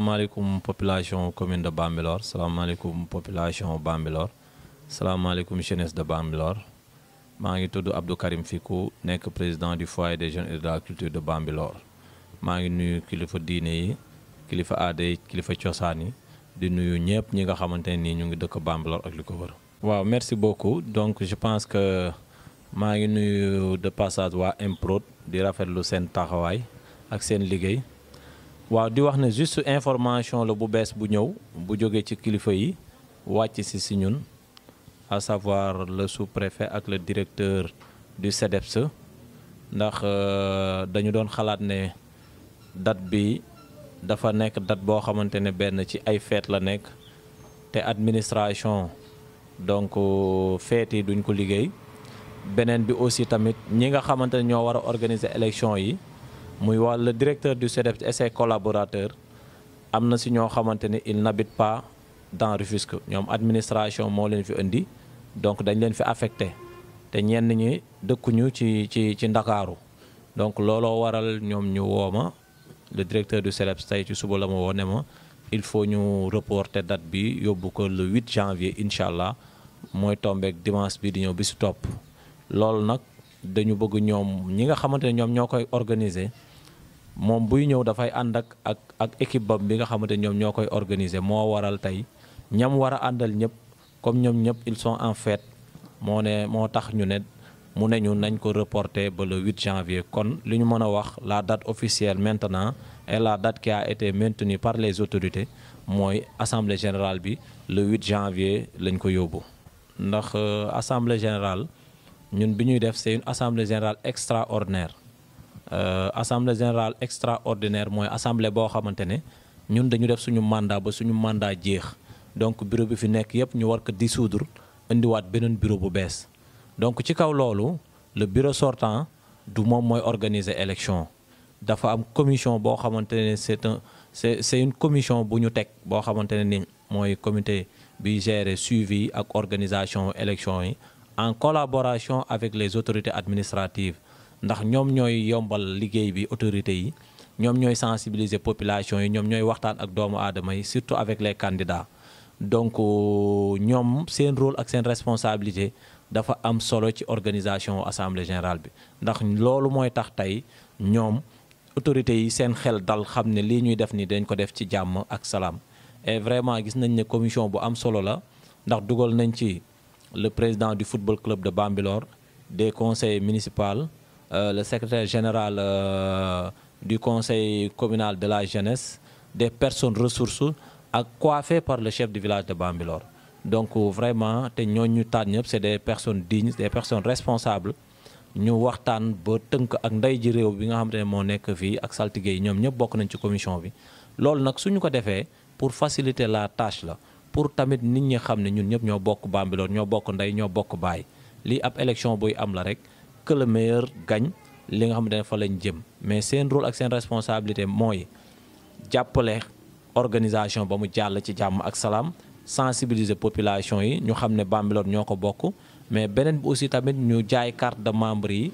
alaikum population commune de Bambilor alaikum population Bambilor alaikum jeunesse de Bambilor maa ngi Abdou Karim Fikou que président du foyer des jeunes et de la culture de Bambilor maa ngi nuyu kilifa diine yi kilifa aada yi kilifa cosaan yi di nuyu ñepp ñi nga xamante ñu ngi dëkk Bambilor ak liko waaw merci beaucoup donc je pense que maa nuyu de passage wa Improd di rafetlu sen taxawaay ak sen liggéey waaw di wax ne juste information le bu bees bu ñëw bu jógee ci kilifa yi si si à savoir le sous-préfet ak le directeur du CEDEPSE. ndax euh, dañu doon xalaat ne date bi dafa nek date bo xamante ne ci ay fête la nek, té administration donc euh, fête duñ ko liggéey beneen bi aussi tamit ñi nga xamante ño wara organiser élection yi muy le directeur du CDEPS et ses collaborateurs am si ñoo xamante il n'habite pas dans Rufisque ñoom administration moo leen fi indi donc dañ leen fi affecté te ñenn ñi dëkkuñu ci ci ci Ndakaaru donc lolo waral ñoom ñu wooma le directeur du CDEPS tey ci suba la il faut ñu reporter date bi yóbbu ko le 8 janvier Inshallah, moy mooy dimanche bi di ñëw bisu top lool nak dañu bëgg ñom ñi nga xamantene ñom ñokay organiser mom buy ñëw da fay ak ak ak équipe bam bi nga xamanté ñom ñoo organiser mo waral tay ñam wara andal ñep comme ñom ñep ils sont en fête mo né mo tax ñu né mu né ñu nañ ko reporter ba le 8 janvier kon li ñu wax la date officielle maintenant et la date qui a été maintenue par les autorités moy assemblée générale bi le 8 janvier lañ ko yobbu ndax euh, assemblée générale ñun bi ñuy def c'est une assemblée générale extraordinaire euh, assemblée générale extraordinaire l'Assemblée, assemblée l'Assemblée, nous ne ñun dañu def suñu mandat ba suñu mandat jeex donc bureau bi fi nous yëpp ñu war ko dissoudre indiwaat un bureau bu baisse. donc ci kaw lolu le bureau sortant du mom moy organiser élection dafa am commission bo xamantene c'est un c'est une commission bu ñu tek bo xamantene comité bi gérer suivi ak organisation élection en collaboration avec les autorités administratives ndax ñom ñoy yombal liguey bi autorité yi ñom ñoy sensibiliser population yi ñom ñoy waxtaan ak doomu aadama yi surtout avec les candidats donc euh, ñom seen rôle ak seen responsabilité dafa am solo ci organisation assemblée générale bi ndax lolu moy tax tay ñom autorités yi seen xel dal xam li ñuy def ni dañ ko def ci jamm ak salam et vraiment gis nañ ne commission bu am solo la ndax dugal nañ ci le président du football club de Bambilor des conseils municipaux euh, le secrétaire général euh, du conseil communal de la jeunesse, des personnes ressources, à coiffé par le chef du village de Bambilor. Donc vraiment, c'est des personnes dignes, des personnes responsables. ñu que ba tënk ak ndey ji de bi nga commission bi nous suñu ko pour faciliter la tâche la pour tamit ñi xam Bambilor ñoo ñoo de baay ab la que le meilleur li nga xamante ne fa lañ jëm mais seen rôle ak seen responsabilité mooy jàppale organisation ba mu jàll ci jàmm ak salaam sensibiliser population yi ñu xam ne Bambilor ñoo ko bokk mais beneen bi aussi tamit ñu jaay carte de membre yi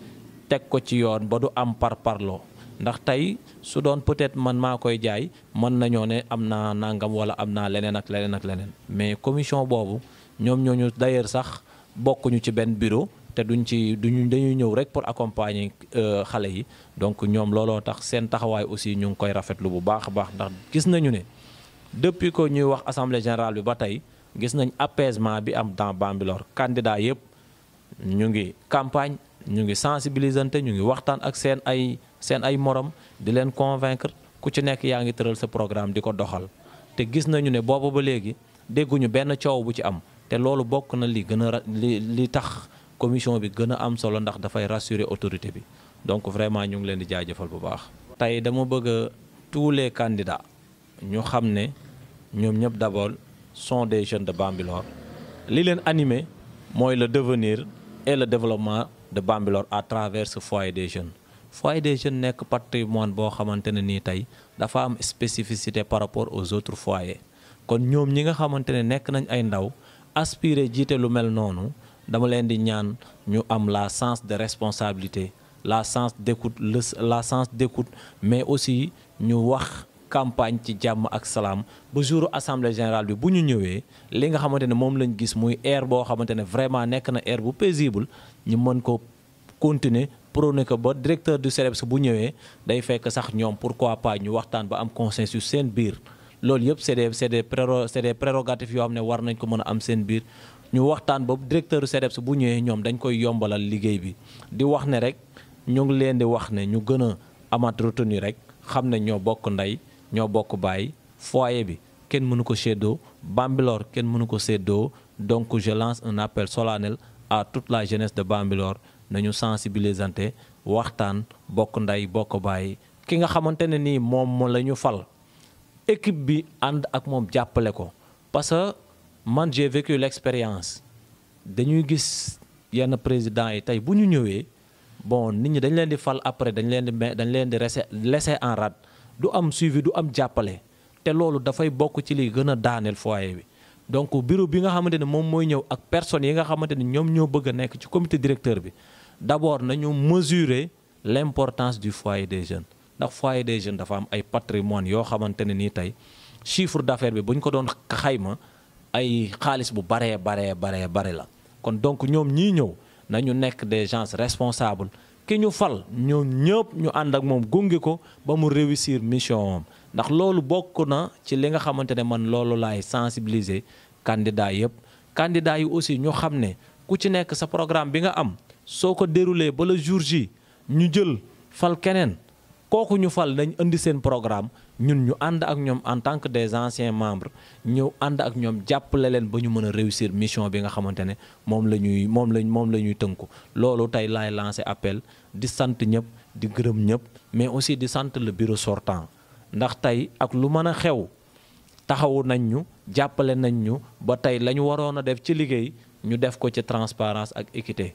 teg ko ci yoon ba du am par parloo ndax tey su doon peut-être man maa koy jaay mën nañoo ne am naa nangam wala am naa leneen ak leneen ak leneen mais commission boobu ñoom ñooñu d'ailleurs sax bokkuñu ci benn bureau te duñ ci duñu dañuy ñëw rek pour accompagner euh, xale yi donc ñoom looloo tax seen taxawaay aussi ñu ngi koy rafetlu bu baax a baax ndax gis nañu ne depuis que ñuy wax assemblée générale bi ba tey gis nañ apaisement bi am dans Bambilor candidat yëpp ñu ngi campagne ñu ngi sensibilisante ñu ngi waxtaan ak seen ay seen ay morom di leen convaincre ku ci nekk yaa ngi tëral sa programme di ko doxal te gis nañu ne boobu ba léegi dégguñu benn coow bu ci am te loolu bokk na li gën li tax commission bi gëna a am solo ndax fay rassurer autorité donc vraiment nous ngi leen di jaajëfal bu baax. tous les candidats ñu xamné ñom sommes ñëpp d'abord sont des jeunes de Bambilor li leen animé c'est le devenir et le développement de Bambilor à travers ce foyer des jeunes. foyer des jeunes un patrimoine très xamantene une tay dafa am spécificité par rapport aux autres foyers kon ñom ñi nga xamantene qui nañ ay ndaw aspirer jité lu mel dama leen di ñaan ñu am la sens de responsabilité la sens d'écoute la sens d'écoute mais aussi ñu wax campagne ci jamm ak Salam, ba jour assemblée générale bi bu ñu ñëwé li nga xamante mom lañu gis muy air bo xamante vraiment nek na air bu paisible ñu mën ko continuer prôné ko ba directeur du CREPS bu ñëwé day fekk sax ñom pourquoi pas ñu waxtaan ba am consensus sen bir lool yëpp c'est des c'est des prérogatives yo xam war nañ ko mëna am sen bir ñu waxtaan boobu directeur CDEPS bu ñëwee ñoom dañ koy yombalal liggéey bi di wax ne rek ñu ngi leen di wax ne ñu gën a amaat rek xam ne ñoo bokk ndey ñoo bokk baay foyer bi kenn mënu ko séddoo Bambilor kenn mënu ko séddoo donc je lance un appel solennel à toute la jeunesse de Bambilor nañu sensibilisante waxtaan bokk ndey bokk baay ki nga xamante ne nii moom moo la ñu fal équipe bi ànd ak moom jàppale ko parce man j'ai vécu l'expérience dañuy gis yenn président yi tey bu ñu ñëwee bon nit ñi dañ leen di fal après dañ leen di dañ leen di laisser en rade du am suivi du am jàppale te loolu dafay bokk ci li gën a daaneel foyer bi donc bureau bi nga xamante ne moom mooy ñëw ak personnes yi nga xamante ne ñoom ñoo bëgg a nekk ci comité directeur bi d'abord nañu mesurer l'importance du foyer des jeunes ndax foyer des jeunes dafa am ay patrimoine yoo xamante ne nii tey chiffre d'affaires bi buñ ko doon xayma ay xaalis bu baree baree baree bare la kon donc ñoom ñii ñëw nañu nekk des gence responsable ki ñu fal ñoo ñëpp ñu ànd ak moom gunge ko ba mu réussir mission ndax loolu bokk na ci li nga xamante ne man loolu laay sensibiliser candidat yëpp candidat yi aussi ñu xam ne ku ci nekk sa programme bi nga am soo ko déroulé ba le jour ñu jël fal keneen kooku ñu fal nañ indi seen programme ñun ñu ànd ak ñoom en tant que des anciens membres ñëw ànd ak ñoom jàppale leen ba ñu mën a réussir mission bi nga xamante ne moom la ñuy moom lañ moom la ñuy tënku loolu tey laay lancé appel di sant ñëpp di gërëm ñëpp mais aussi di sant le bureau sortant ndax tey ak lu mën a xew taxawu nañ ñu jàppale nañ ñu ba tey la ñu waroon a def ci liggéey ñu def ko ci transparence ak équité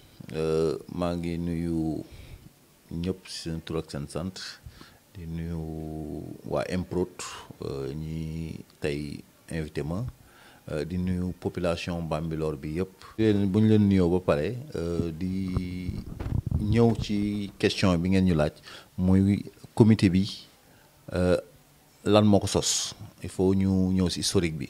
Euh, maa ngi nuyu ñëpp seen tur ak seen sant di nuyu waa Mprod euh, ñi tey invité ma euh, di nuyu population Bambilor bi yëpp. bu ñu leen nuyoo ba pare di ñëw ci question bi ngeen ñu laaj muy comité bi lan moo ko sos il faut ñu ñëw si historique bi.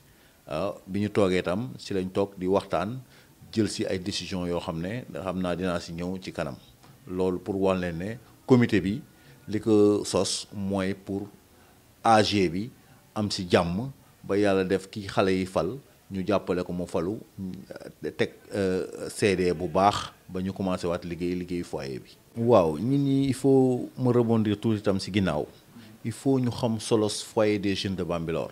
Euh, bi ñu toogee itam si lañ toog di waxtaan jël si ay décision yoo xam ne xam naa dinaa si ñëw ci kanam loolu pour wan leen ne comité bi li ko sos mooy pour age bi am si jàmm ba yàlla def ki xale yi fal ñu jàppale ko mu falu euh, teg euh, CD bu baax ba ñu commencé waat liggéey liggéey foyer bi. waaw nit ñi il faut mu rebondir tuuti itam si ginnaaw il faut ñu xam solos foyer des jeunes de Bambilor.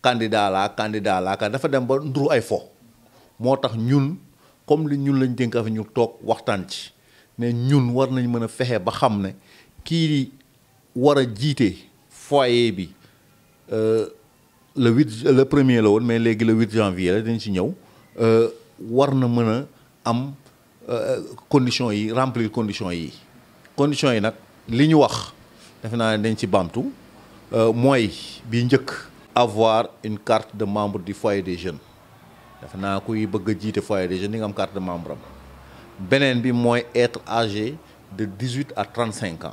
candidat laa candidat laa dafa dem ba nduru ay fo moo tax ñun comme li ñun lañ dénk fi ñu toog waxtaan ci ne ñun war nañ mën a fexe ba xam ne kii war a jiite foyer bi euh, le huit le premier la woon mais léegi le huit janvier la dañ ci ñëw euh, war na mën a am euh, conditions yi remplir conditions yi conditions yi nag li ñu wax defe naa ne dañ ci baamtu mooy bi njëkk avoir une carte de membre du foyer des jeunes Il des jeunes carte de membre être âgé de 18 à 35 ans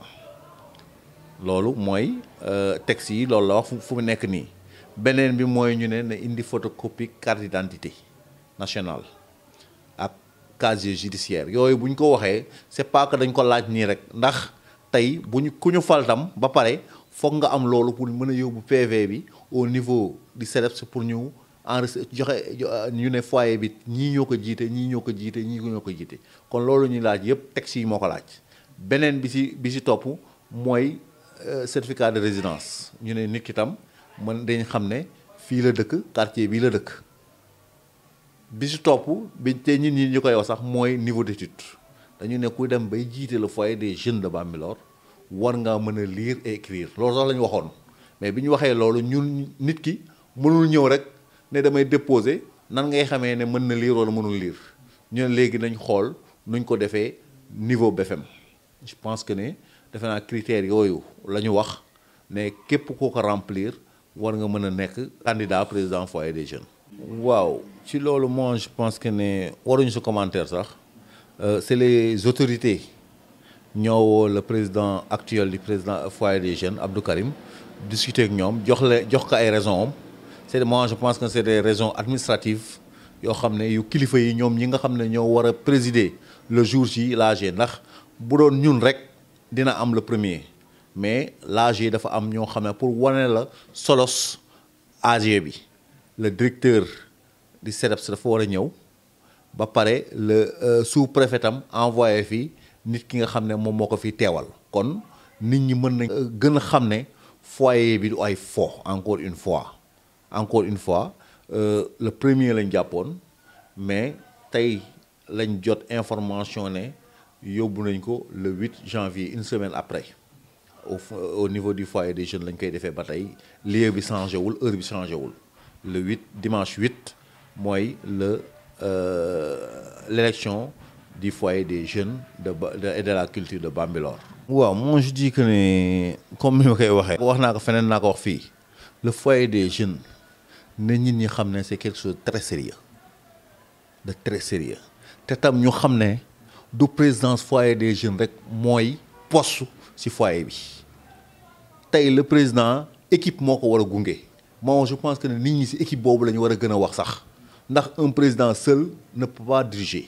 euh, wax fu indi photocopie carte d'identité nationale casier judiciaire Yoy c'est pas que dañ ko laaj rek ndax foog nga am loolu pour mën a yóbbu PV bi au niveau du CEDEPS pour ñu enregistré joxe ñu ne foyer bi ñii ñoo ko jiite ñii ñoo ko jiite ñii ñoo ko jiite kon loolu ñuy laaj yëpp texte yi moo ko laaj beneen bi si bi ci topp mooy euh, certificat de résidence ñu ne nit ki tam mën dañ xam ne fii la dëkk quartier bii la dëkk bi si topp bi te ñun ñi ñu koy wax sax mooy niveau d'étude dañu ne kuy dem bay jiite la foyer des jeune de Bambilor war nga mën a lire et écrire loolu sax la ñu waxoon mais bi ñu waxee loolu ñun nit ki mënul ñëw rek ne damay déposer nan ngay xamee ne mën na lire wala mënul lire ñu ne léegi nañ xool nuñ ko defee niveau BFM je pense que ne defe naa critères yooyu la ñu wax mais képp koo ko remplir war nga mën a nekk candidat président foyer des jeunes. waaw ci loolu moi je pense que ne waruñu sa commentaire sax euh, c'est les autorités ñoo le président actuel du président foyer des jeunes Abdou Karim discuter ak ñoom jox le jox ko ay raisons c'est moi je pense que c'est des raisons administratives Il xam dit yu kilifa yi ñoom ñi nga présider le jour J, l'AG Nous bu doon ñun rek dina am le premier mais l'AG dafa am ñoo pour wane la solos AG bi le directeur du CEDEPS dafa war a ñëw ba le euh, sous-préfet am envoyé nit ki nga xam ne moko fi téwal kon nit ñi mëna nañ gën ne foyer bi du ay fo encore une fois encore une fois euh, le premier lañ japon mais tay lañ jot information né yóbbu nañ ko le 8 janvier une semaine après au euh, au niveau du foyer des jeunes lañ koy défé ba lieu bi changé wul heure bi changé wul le 8 dimanche 8 moy le euh, l'élection du foyer des jeunes de de et de la culture de Bambilor. moi je dis que comme je ma koy waxee. wax naa le foyer des jeunes ne ñi c'est quelque chose de très sérieux de très sérieux Nous savons que la présidence du foyer des jeunes rek mooy poste ci foyer bi tey le président équipe moi ko doit le moi je pense que nous ñi ci équipe l'équipe. la ñu war un président seul ne peut pas diriger.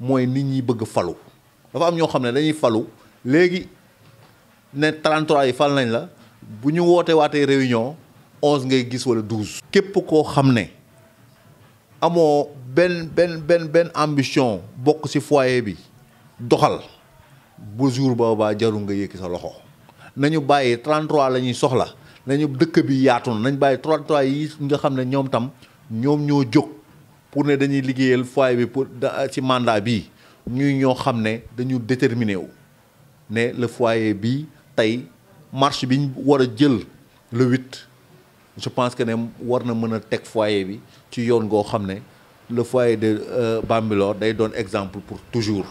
mooy nit ñi bëgg falu dafa am ñoo xam ne dañuy falu léegi ne 33 yi fal nañ la bu ñu woote waatee réunion 11 ngay gis wala 12. képp koo xam ne amoo benn benn benn benn ambition bokk ci foyer bi doxal bu jour boobaa jarul nga yëkki sa loxo nañu bàyyi 33 la ñuy soxla nañu dëkk bi yaatu na nañ bàyyi 33 yi nga xam ne ñoom tam ñoom ñoo jóg. pour ne dañuy liggéeyal foyer bi pour ci mandat bi ñuy ñoo xam déterminé wu le foyer bi tey marche bi ñu le 8. je pense que nous, war le mën foyer bi ci yoon go xamné le foyer de euh, Bambilor day donne exemple pour toujours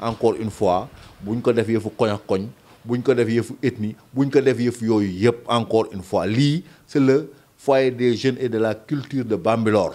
encore une fois buñ ko def yëfu koñ koñ buñ ko def yëfu ethnie buñ ko def yëfu yooyu yëpp encore une fois li c'est le foyer des jeunes et de la culture de Bambilor